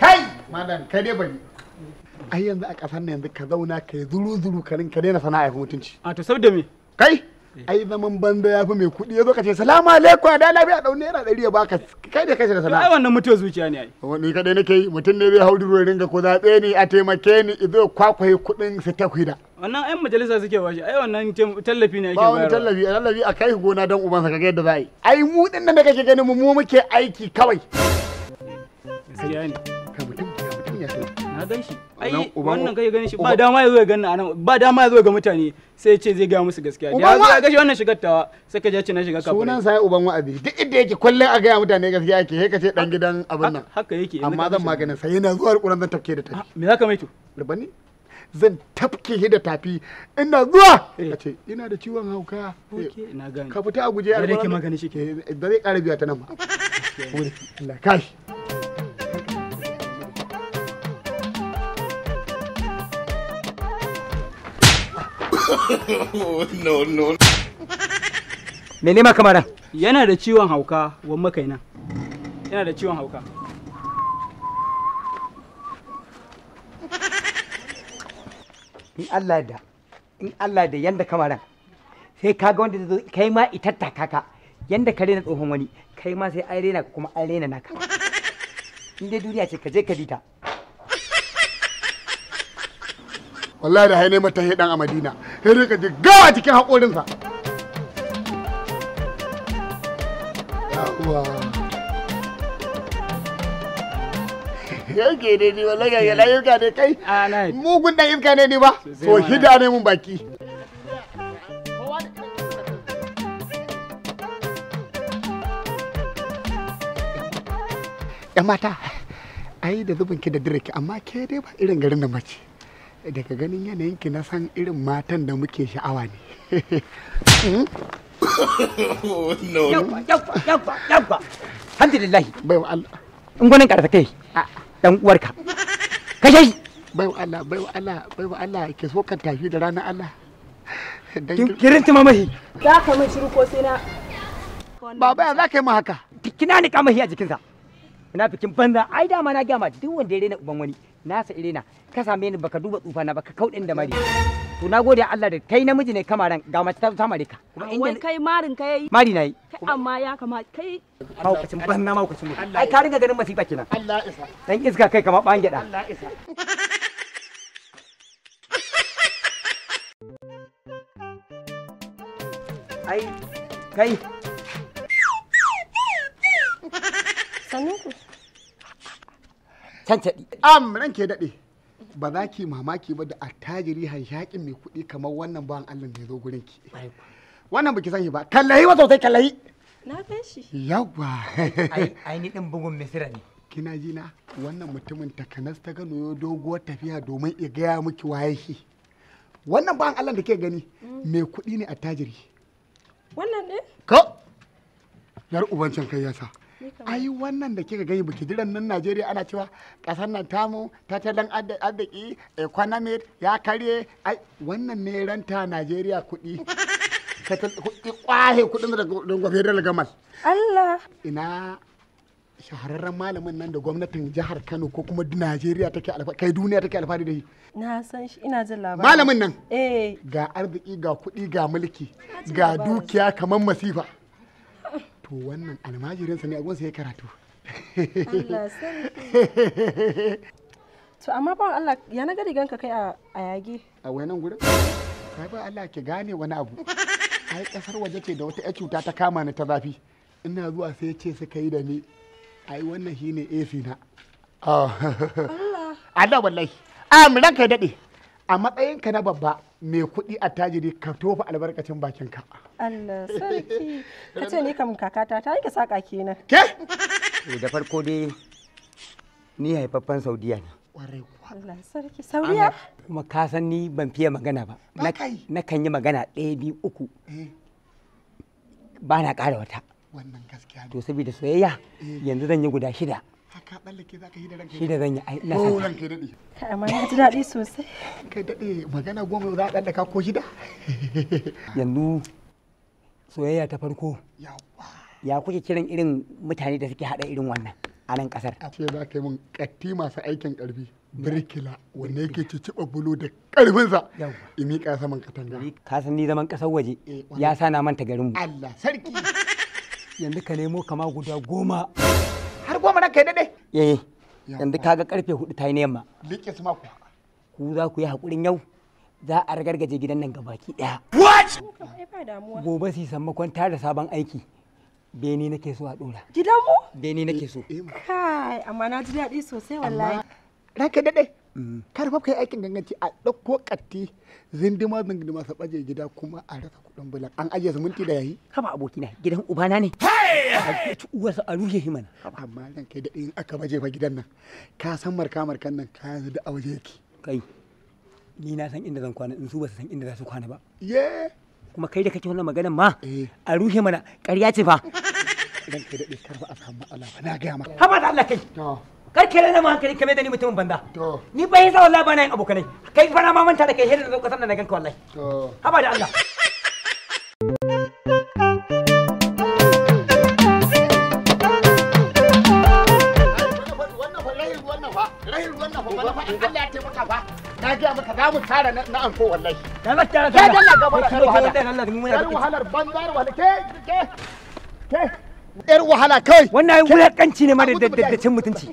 Kai! Malam, kai dai bari. Ai yanzu a ƙasar na yanzu ka zauna ka yi zuru-zuru ka daina sana'a ya fi mutunci. A to saboda me? Kai! Eh. ai zaman banda ya fi mai kuɗi ya zo ka ce salamu alaikum da a ɗau yana ɗari ya baka kai da kai da salama. ai wannan mutuwa zuciya ne ai. wani kaɗai nake yi mutum ne zai hau duro ringa ko zaɓe ni a taimake ni izo kwakwai kuɗin su ta kuida. wannan ai majalisa suke bashi ai wannan tallafi ne ake bayarwa. ba wani tallafi a tallafi a kai gona don uban sa ga yadda za a yi. ai mu ɗin nan da kake ganin mu mu muke aiki kawai. gaskiya ne. ka mutum da kai na gan shi ai wannan ba dama ya ga mutane sai ya ce zai ga musu gaskiya ya zo ya wannan shigar tawa sai ka na shiga a ga mutane gaskiya yake sai ka ce gidan abin nan amma zan sai yana zuwa alƙuran zan tafke da ah, tafke da tafi ina zuwa eh. ka ce ina da ciwon hauka eh, ka fita a guje a da eh, zai biya ta nan ba no no mene ma kamara yana da ciwon hauka wan makaina yana da ciwon hauka in Allah da in Allah da yanda kamaran sai kaga wanda zai kai ma itatta kaka yanda ka rena tsohon wani kai ma sai ai rena kuma ai rena naka in dai duniya ce ka je ka dita. wallahi da haine mata hedan a Madina sai rika ji gawa cikin haƙorinsa yake ne ni wallahi ga yuka ne kai mugun dan iska ne ni ba to hida ne mun baki ya mata ai da zubin ki da direki amma ke dai ba irin garin da mace daga ganin yanayinki na san irin matan da muke sha'awa ne yabba yabba yabba alhamdulillahi bai wa Allah in gwanin karta kai dan uwarka kai bai wa Allah bai wa Allah bai wa Allah ke so kan tafi da ranar Allah kirin tuma mahi za ka mai shiru ko sai na baba ya za ka yi mu haka kina ni kamahi a jikinsa munafikin banza ai dama na gama duk wanda ya rena uban wani na sa irena ka same ni baka duba tsufa na baka kaudin da mari to na gode Allah da kai namiji ne kamaran ga mace ta samare ka kuma in kai marin ka yayi mari nayi amma ya kama kai maukacin banna maukacin mutum ai ka ringa ganin masifa kenan Allah isa dan iska kai kama bangeda Allah isa ai kai Sanuku. tantaɗi am ke daɗe ba za ki mamaki ba da attajiri hanshaƙin mai kuɗi kamar wannan bawan allah da ya zo gurin ki wannan baki san shi ba kallayi wa sosai kallayi na fi shi Yawwa. ai ni bugun misira ne kina ji na wannan mutumin takanas ta gano doguwar tafiya domin ya gaya miki waye shi wannan bawan allah da ke gani mm. mai kuɗi ne attajiri wannan ne? ko yar can kai ya sa ai wannan da kika gani baki jiran nan Najeriya ana cewa kasar nan tamu tattalin arziki economy eh, ya karye ai wannan ne ranta Najeriya kuɗi kuɗi kwahe kuɗin da gwamnati da gamal Allah ina shahararren malamin nan da gwamnatin jihar Kano ko kuma Najeriya take alfa kai duniya take alfahari da shi na san shi ina jin labarin malamin nan eh ga arziki ga kuɗi ga mulki ga dukiya kamar masifa to wannan almajirinsa ne a sai ya karatu to amma ba Allah ya na gari ganka kai a yage a wayanan gurin kai ba Allah ki gane wani abu ai kasar waje ce da wata ya cuta ta kama ni ta zafi ina zuwa sai ce suka yi da ni ai wannan shine AC na ah. Allah Allah wallahi mu ranka ya dade a matsayinka na babba mai kuɗi a tajiri ka tofa albarkacin bakin ka. Allah sarki ka ce ni kam kakata ta rike saka kenan. Ke? Da farko dai ni haifaffen Saudiya ne. Ƙwarai kuwa. Allah sarki Saudiya? Kuma ka san ni ban fiye magana ba. Na kan yi magana ɗaya biyu uku. Eh. Ba na ƙara wata. Wannan gaskiya. To saboda soyayya eh. yanzu zan yi guda shida. sa ka tsallake za ka yi da shi da ai sa kai amma na ji daɗi sosai kai magana goma za ko shida yanzu soyayya ta farko ya kuke kiran irin mutane da suke haɗa irin wannan a nan kasar. A ce za ka yi katti masu aikin karfi birkila wanda yake da karfinsa miƙa saman katanga. Ka san ni zaman ƙasar waje eh, ya na manta garinmu. Allah sarki. Yanzu ka nemo kama guda goma kai dade eh yanzu kaga karfe hudu ta yi na liƙe su maku ku za ku yi hakurin yau za a ragargaje gidan nan gabaki daya what gobe su sammakon tara sabon aiki beni nake so a dora gidan mu beni nake so eh, eh, kai amma na ji daɗi sosai wallahi ranka dade kar fa kai aikin ganganci a ɗauko ƙatti zindima zindima su ɓaje gida kuma a rasa kuɗin bulan an ajiye su minti da yayi haba na gidan ubana ne a ci uwarsa a ruhe shi mana amma nan kai da in aka baje fa gidan nan ka san marka markan nan ka yanzu da a yake kai ni na san inda zan kwana in su ba su san inda za su kwana ba ye kuma kai da kake wannan maganar ma eh. a ruhe mana ƙarya ce fa idan kai da karfa a samu matsala fa na gaya ma haba da Allah kai to kar ke na hankali kame da ni mutumin banda ni ba yasa wallahi bana yin abokanai kai fara ma manta da kai hirin da kasan da na ganka wallahi haba da Allah na mu na anko wallahi da da wahalar banzar ke ke ke wahala kai wannan wulakanci ne ma da mutunci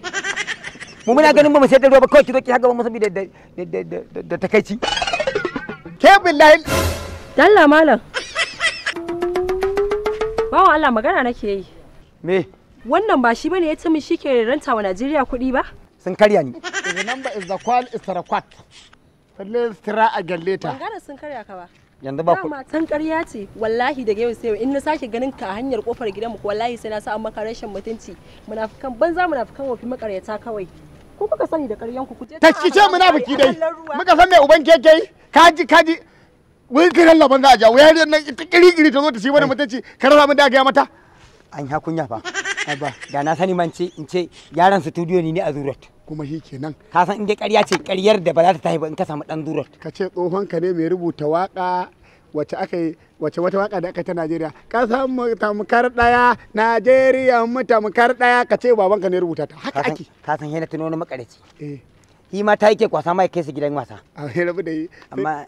mu muna ganin ba mu sayar da ba kawai ki zo ki haga mu saboda da da ci ke billahi dalla malam wa Allah magana nake yi me wannan ba shi bane ya ce min shike ranta wa Najeriya kuɗi ba sun karya ni the number is the call is the request falle stira a galleta ban sun karya ka ba yanzu ba ku matan ƙarya ce wallahi daga yau sai in na sake ganin ka a hanyar kofar gidanmu wallahi sai na sa an maka rashin mutunci munafikan banza munafikan wofi maƙaryata kawai ko kuka sani da ƙaryan ku kuje. Taskice munafiki dai. Muka san me uban keke yi? Kaji kaji wai kiran laban za a ja wai nan ita kirikiri ta zo ta ci wani mutunci kar za mu da ga mata. An ha kunya fa. Abba da na sani man ce in ce yaran studio ne a Zurat. Kuma shi kenan. Ka san in dai ƙarya ce ƙaryar da ba za ta tafi ba in ka samu dan Zurat. Ka ce tsohon ka ne mai rubuta waka wacce aka yi wace wata waka da aka ta Najeriya kasan mu tamkar daya Najeriya mu tamkar daya ka ce ka ne rubuta ta haka ake ka san hena tuno na makareci eh shi ma ta yake kwasa mai kai su gidan wasa ah, a rabu da yi amma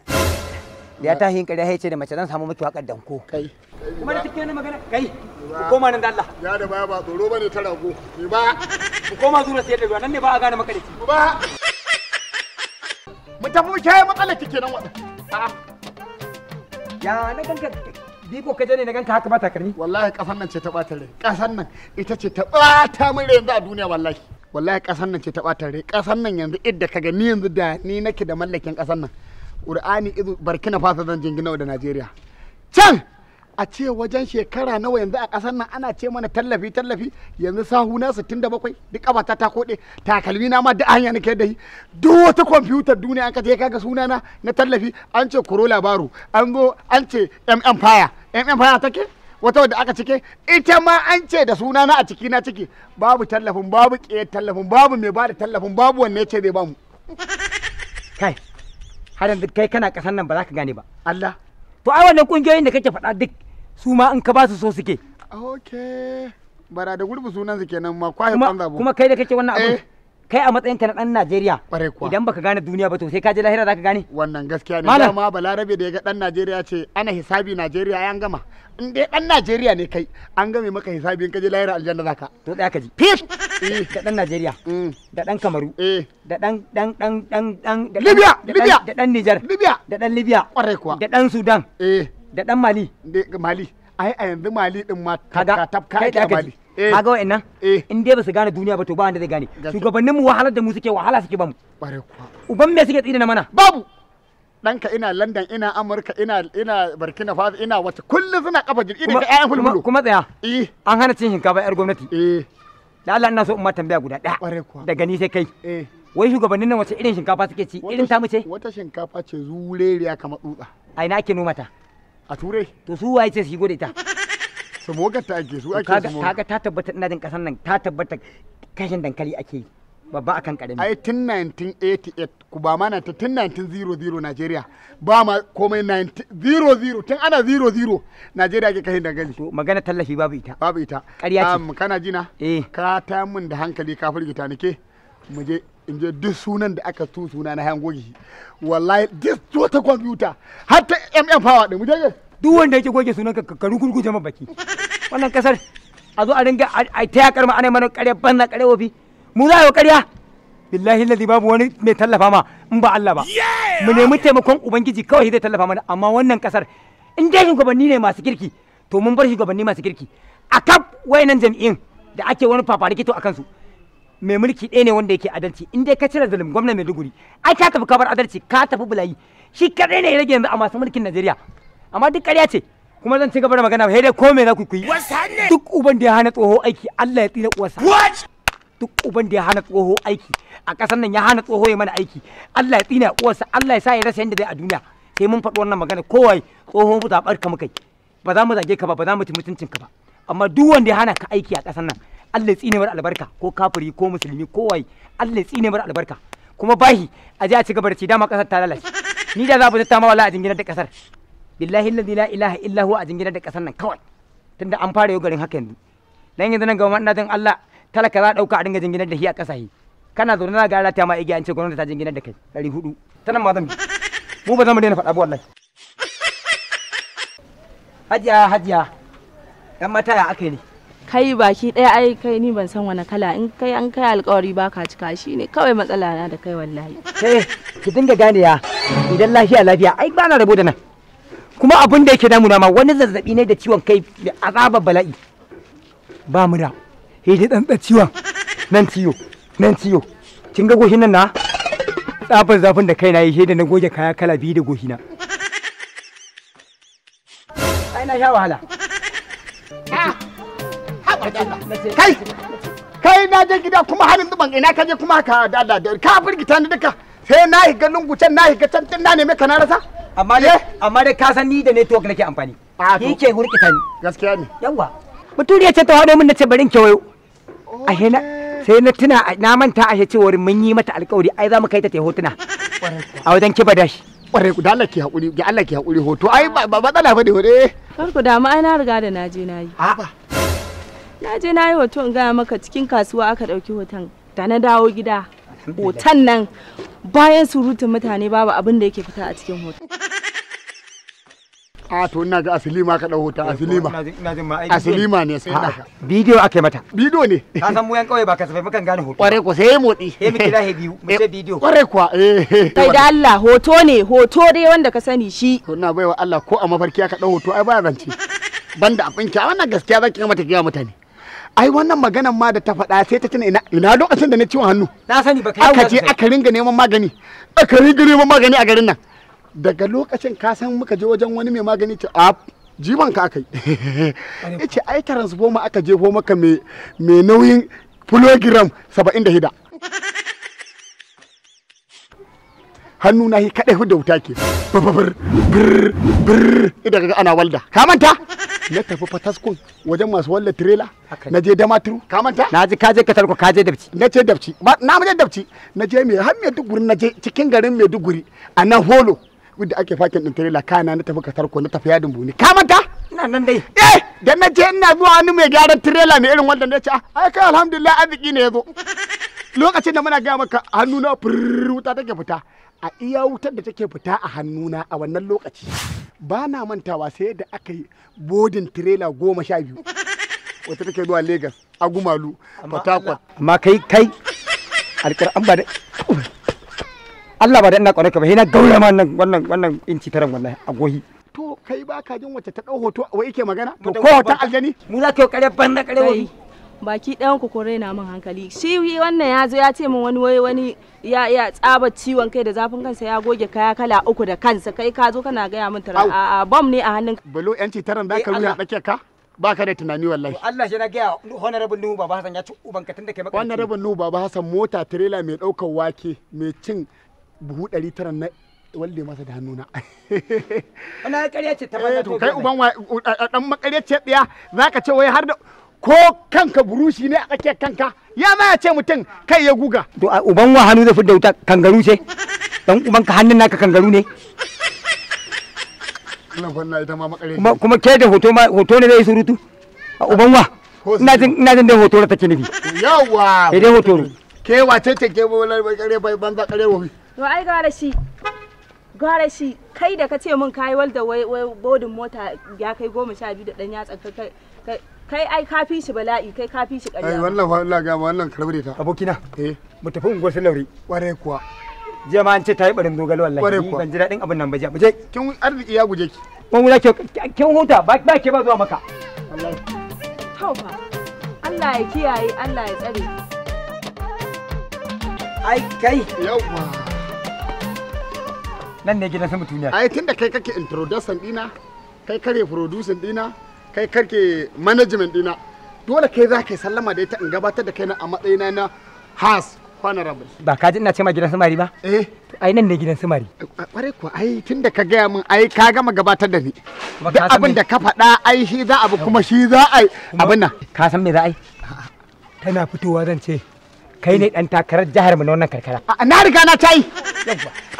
ya ah. ta hin kare ya da mace zan samu miki wakar danko kai kuma da take magana kai ku koma nan da Allah ya da baya ba tsoro bane ta rago ni ba ku koma zuwa sai da nan ne ba a gane makareci ba mu tafi mu kai matsalar kike nan wadan a'a ya na ganka biko ka je ne na ganka haka ba takarmi wallahi kasan nan ce ta bata rai kasan nan ita ce ta bata mun rai yanzu a duniya wallahi wallahi kasan nan ce ta bata rai kasan nan yanzu idda kaga ni yanzu da ni nake da mallakin kasan nan qur'ani izu barkina fasa zan jingina da najeriya can a ce wajen shekara nawa yanzu a ƙasar nan ana ce mana tallafi tallafi yanzu na 67 duk ƙabata ta koɗe takalmi na ma duk hanya nake da yi duk wata kwamfutar duniya an kace kaga suna na na tallafi an ce kuro labaru an zo an ce mm fire mm fire take wata wadda aka cike ita ma an ce da suna na a ciki na ciki babu tallafin babu ke tallafin babu mai bada tallafin babu wanne ce zai bamu kai har yanzu kai kana ƙasar nan ba za ka gane ba Allah to ai wannan kungiyoyin da kake faɗa duk su ma in ka ba su so suke okay bara da gurbi sunan su kenan ma kwaye kwanza kuma kai da kake wannan abu eh. kai a matsayin ka na dan Najeriya idan baka gane duniya ba to sai ka je lahira zaka gane wannan gaskiya ne dama balarabe da ya ga dan Najeriya ce ana hisabi Najeriya ya gama in dai dan Najeriya ne kai an game maka hisabi in ka je lahira aljanna zaka to tsaya ka ji fif eh, da dan Najeriya mm. da dan Kamaru eh. da dan dan dan dan dan Libya Libya da dan Niger Libya da dan Libya Kware kuwa da dan Sudan eh da dan mali mali ai a yanzu mali din ma ka tafka ake mali kaga wa'annan eh. eh. in dai ba su gane duniya ba to ba wanda zai gane shugabannin mu wahalar da mu suke wahala suke bamu bare kuwa uban me suke tsina mana babu ɗanka ina london ina amurka ina ina burkina faso ina wata kullum suna kafa jirgi da ga ƴaƴan kuma tsaya eh an hana cin shinkafa yar gwamnati eh da Allah ina so umma tambaya guda ɗaya daga ni sai kai eh wai shugabannin nan wace irin shinkafa suke ci irin mu ce wata shinkafa ce zureriya kamar dutsa a ina ake noma ta a turai to su waye ce su shigo da ita saboda ta ake su ake su kaga ta tabbata ina jin kasan nan ta tabbata kashin dankali ake yi babba akan karami ai tun 1988 ku ba mana ta tun 1900 Najeriya ba ma komai 00 tun ana 00 Najeriya ke kashin dankali to magana tallafi babu ita babu ita kariya ce kana jina eh. ka ta mun da hankali ka firgita nake mu je in je duk sunan da aka so suna na hango shi wallahi duk wata kwamfuta har ta mm power din mu je duk wanda yake goge sunan ka ka kurkuje ma baki wannan kasar a zo a ringa a ta yakar ma ana mana kare banna kare wofi mu za yi kariya billahi lazi babu wani mai tallafa ma in ba Allah ba mu nemi taimakon ubangiji kawai zai tallafa mana amma wannan kasar in dai shugabanni ne masu kirki to mun bar shugabanni masu kirki a wayannan jami'in da ake wani to a su. mai mulki ɗaya ne wanda yake adalci in dai ka cire zalim gwamna Maiduguri ai ka tafi kabar adalci ka tafi bulayi shi kaɗai ne ya rage yanzu a masu mulkin Najeriya amma duk ƙarya ce kuma zan ci gaba da magana sai dai ko me za ku yi duk uban da ya hana tsoho aiki Allah ya tsira uwarsa duk uban da ya hana tsoho aiki a ƙasar nan ya hana tsoho ya mana aiki Allah ya tsina uwarsa Allah ya sa ya rasa yanda zai a duniya sai mun faɗi wannan magana kowai tsoho mu zaɓar ka mukai ba za mu zage ka ba ba za mu ci mutuncin ka ba amma duk wanda ya hana ka aiki a ƙasar nan Allah ya tsine mar albarka ko kafiri ko musulmi ko waye Allah ya tsine mar albarka kuma bahi a je a ci gaba da ci dama kasar ta lalace ni da za ta ma wallahi a jingina da kasar billahi allazi la ilaha illa huwa a jingina da kasar nan kawai tunda an fara yau garin haka yanzu dan yanzu nan ga wannan din Allah talaka za dauka a dinga jingina da hi a kasahi kana zo na ga rata ma igi an ce gwamnati ta jingina da kai 400 nan ma zan bi mu ba za mu daina faɗa ba wallahi hajiya hajiya yan mata ya aka ne kai baki ɗaya ai kai ni ban san wani kala in kai an kai alkawari ba ka cika shi ne kawai matsala na da kai wallahi kai eh, ki dinga gane ya idan lafiya lafiya ai ba na rabo da nan kuma abin da yake damuna ma wani zazzabi ne da ciwon kai da azabar bala'i ba mu da hidi dan ciwon nan ciwo nan ciwo kin ga goshin nan na tsafin zafin da kai na yi da na goge kaya kala biyu da goshina ai na sha wahala ah! kai kai na je gida kuma har duban ban ina ka je kuma ka dada da ka firgita ni duka sai na higa lungucen na higa can na neme ka na rasa amma dai eh? amma dai ka san ni da network nake amfani ah, ni ke hurkita ni gaskiya ne yawa muturiya ce ta hado min nace bari in kewayo oh, ashe na sai na tuna na manta ashe cewar mun yi mata alƙawari ai za mu kai ta ta hotuna a wajen kiba dashi kwarai ku da Allah ki hakuri ga Allah ki hakuri hoto ai ba matsala ba bane hore kar ku da ma ai na riga da naje nayi a'a na je na yi hoton gaya maka cikin kasuwa aka ɗauki hoton da na dawo gida hoton nan bayan surutun mutane babu abin da yake fita a cikin hoton a to ina ga asilima ka dau hoton asilima asilima ne sai da bidiyo akai mata bidiyo ne ka san mu yan kauye ba safai mukan gane hoton kware ko sai motsi sai mu kira biyu mu ce bidiyo kware eh, kuwa eh kai da Allah hoto ne hoto dai wanda ka sani shi to ina baiwa Allah ko a mafarki aka dau hoto ai ba zance banda abin ki a wannan gaskiya zan kira mata kiyawa mutane ai wannan maganan ma da ta faɗa sai ta tuna ina ina lokacin da na ciwon hannu na sani ba kai aka je aka ringa neman magani aka ringa neman magani a garin nan daga lokacin ka san muka je wajen wani mai magani ta a jiban ka akai yace ai transformer aka jefo maka mai nauyin kilogram 76 hannu na hi kadai da wuta ke babbar bir idan ga ana walda ka manta na tafi fataskun wajen masu walda tirela na je turu ka manta na ji kaje ka kaje dabci na je dabci na je dabci na je mai har maiduguri na je cikin garin maiduguri a nan holo wanda ake fakin din tirela kana na tafi tarko na tafi yadin buni ka manta ina nan dai eh da na je ina zuwa wani mai gyaran tirela mai irin wanda na ce ah, ai kai alhamdulillah arziki ne yazo lokacin da muna ga maka hannu na furr wuta take fita a iya wutar da take fita a hannuna a wannan lokaci ba na mantawa sai da aka yi bodin tirela goma sha biyu wata take zuwa Legas a gumalu Fatakwal. Amma kai kai an ba da Allah ba da ina kwanaka ba na gaura ma wannan wannan inci taran wannan a To kai ba ka jin wacce ta ɗau hoto wa ike magana? To ko hoton aljani? Mu za ka yi ƙarfi ban na ƙarfi baki ɗayan ku raina min hankali shi wannan ya zo ya ce min wani wai wani ya ya tsaba ciwon kai da zafin kansa ya goge kaya kala uku da kansa kai ka zo kana gaya min tara a bom ne a hannun balo yanci taran da eh, ka ruya dake ka baka da tunani wallahi Allah shi na gaya honorable Nuhu Baba hasan ya ci uban ka tunda kai maka honorable Nuhu Baba hasan mota trailer mai daukar wake mai cin buhu 900 na walle masa da hannuna. Wani ƙarya ce ta banza eh, to kai uban wa dan makarya ce tsaya zaka ce wai har da ko kanka burushi ne a kake kanka ya ma ce mutum kai ya guga to uban wa hannu zai fi wuta kangaru ce dan uban ka hannun naka kangaru ne kuma ke da hoto ma hoto ne zai surutu a uban wa ina jin ina jin dai hoto da take nufi yawa sai eh, dai hoto ke wace ce ke banza kare wofi to ai ga da shi gara shi kai da ka ce min kai walda bodin mota ya kai goma sha biyu da dan yatsa kai kai ai ka fi shi bala'i kai ka fi shi ƙarya ai wannan wallahi ga wannan karbure ta abokina eh mu tafi unguwar Lauri ware kuwa jiya ma an ce tayi barin dogalo wallahi kuwa ban ji daɗin abin nan ba je je kin arziki ya guje ki ban wula ke kin huta ba ba ke ba zuwa maka wallahi tauba Allah ya kiyaye Allah ya tsare ai kai yawa nan ne gidan sama tuniya ai tunda kai kake introducer dina kai kare producer dina kai kake management dina dole kai za ka yi sallama da ita in gabatar da kai na a matsayina na has honorable ba ka ji ina ce ma gidan samari ba eh ai nan ne gidan samari kware ko ai tunda ka gaya min ai ka gama gabatar da ni da abin da ka faɗa ai shi za abu kuma shi za a abin nan ka san me za a yi tana fitowa zan ce kai ne dan takarar jihar mu na wannan karkara na riga na tayi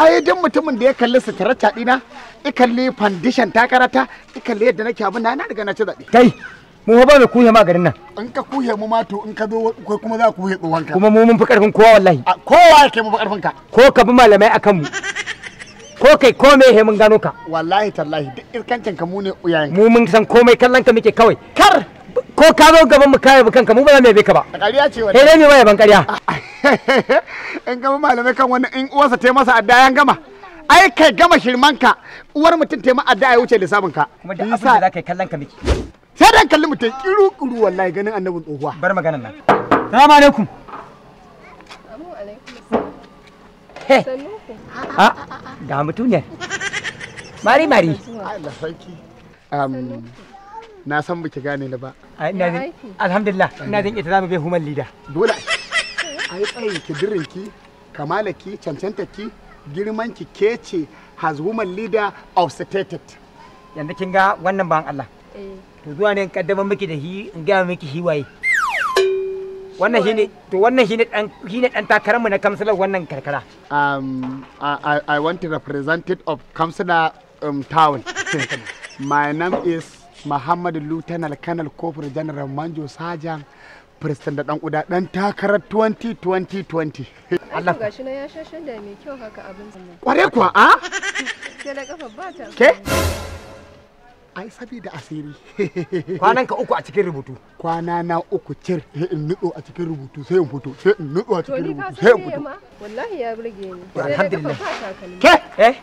ai duk mutumin da ya kalli suturar dina i kalli foundation takarata i kalli yadda nake abin na riga na ci zabe kai mu ba mu kuhe ma garin nan in ka kuhe mu ma to in ka zo kai kuma za ku kuhe tsohon ka kuma mu mun fi karfin kowa wallahi kowa yake mu fi karfin ka ko ka bi malamai akan mu ko kai komai he mun gano ka wallahi tallahi duk irkancin ka mu ne uyayen mu mun san komai kallon ka muke kawai kar ko ka zo gaban mu kare kanka mu ba za mu yabe ka ba ƙarya ce wannan kai ne mai ban ƙarya in gama malamai kan wannan in uwarsa ta masa adda ya gama ai kai gama shirman ka uwar mutum ta ma adda ya wuce lissafin ka kuma da abin da za ka yi kallon ka miki sai dan kalli mutum kiru kiru wallahi ganin annabin tsohuwa bar maganar nan salamu alaikum he ah, ah, ah, ah ga mutuniyar mari mari Allah sarki um na san baki gane ni ba ina jin alhamdulillah ina jin ita zamu bai human leader dole ai tsayin ki dirinki kamalaki cancantaki girmanki ke ce has woman leader of stated yanzu kin ga wannan ban Allah eh. to zuwa ne in kaddamar miki da hi in ga miki hi waye wannan shine to wannan shine dan shine dan takarar mu na kamsalar wannan karkara um I, I, want to representative of kamsala um, town my name is muhammadu lieutenant kanal kofar general manjo sajan firistin da dan uda dan takarar 2020 Allah ga shi na ya shashin da mai kyau haka abin zama kware kuwa a ke da kafa ba ta ke ai sabida asiri kwanan ka uku a cikin rubutu kwana na uku cir sai in nutso a cikin rubutu sai in fito sai in nutso a cikin rubutu sai in fito wallahi ya burge ni alhamdulillah ke eh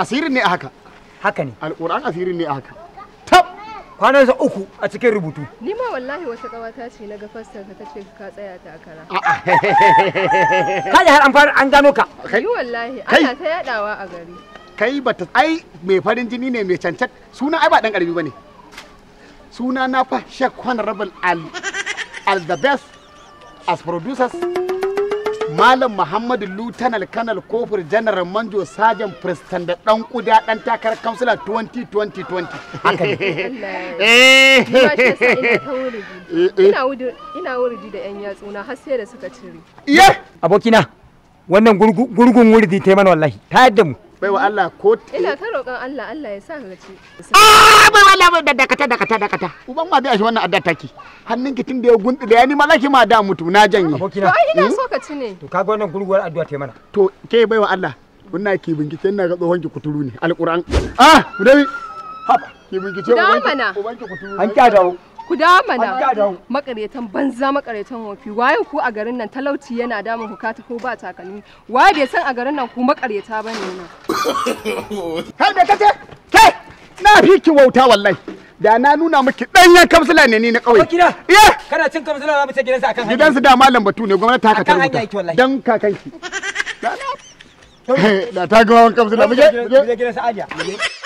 asirin ne a haka haka ne alquran asirin ne haka tab kwanan sa uku a cikin rubutu ni ma wallahi wata kawata ce na ga fassar ka tace ka tsaya takara kada har an fara an gano ka kai wallahi ana ta yadawa a gari kai bata ai mai farin jini ne mai cancan suna ai ba dan karbi bane suna na fa shekwan rabal al al the best as producers Malam Muhammadu Lieutenant Colonel Kofur General Manjo Sajan Preston da dan kuda dan takarar kansila 2020 haka ne. Eh. Eh, eh. Ina wuri ina wuri da yan yatsuna har sai da suka cire. Ye! Abokina wannan gurgun wurdi ta mana wallahi ta yadda mu. baiwa Allah ko ina ta roƙon Allah Allah ya sa ka ci ah bai wa Allah da dakata dakata dakata uban ma dai shi wannan adda take hannun ki tunda ya gundu da yani ma zaki ma da mutu na janye to ai ina hmm? so ka ci ne to kaga wannan gurguwar addu'a ta mana to ke baiwa Allah wannan ki bincike ina ga tsohon ki kuturu ne alquran ah dai haba ki bincike uban ki kuturu an ka dawo ku da mana makaretan banza makaretan wofi waye ku a garin nan talauci yana damun ku ka ko ba takalmi waye bai san a garin nan ku makareta bane nan kai da kace kai na fi ki wauta wallahi da na nuna miki danyen kamsula ne ni na kauye kina eh kana cin kamsula za mu ce gidansa akan hanya gidansa da malam batu ne gwamnati ta ka tarbuta dan kakanki da ta ga je mu je gidansa aja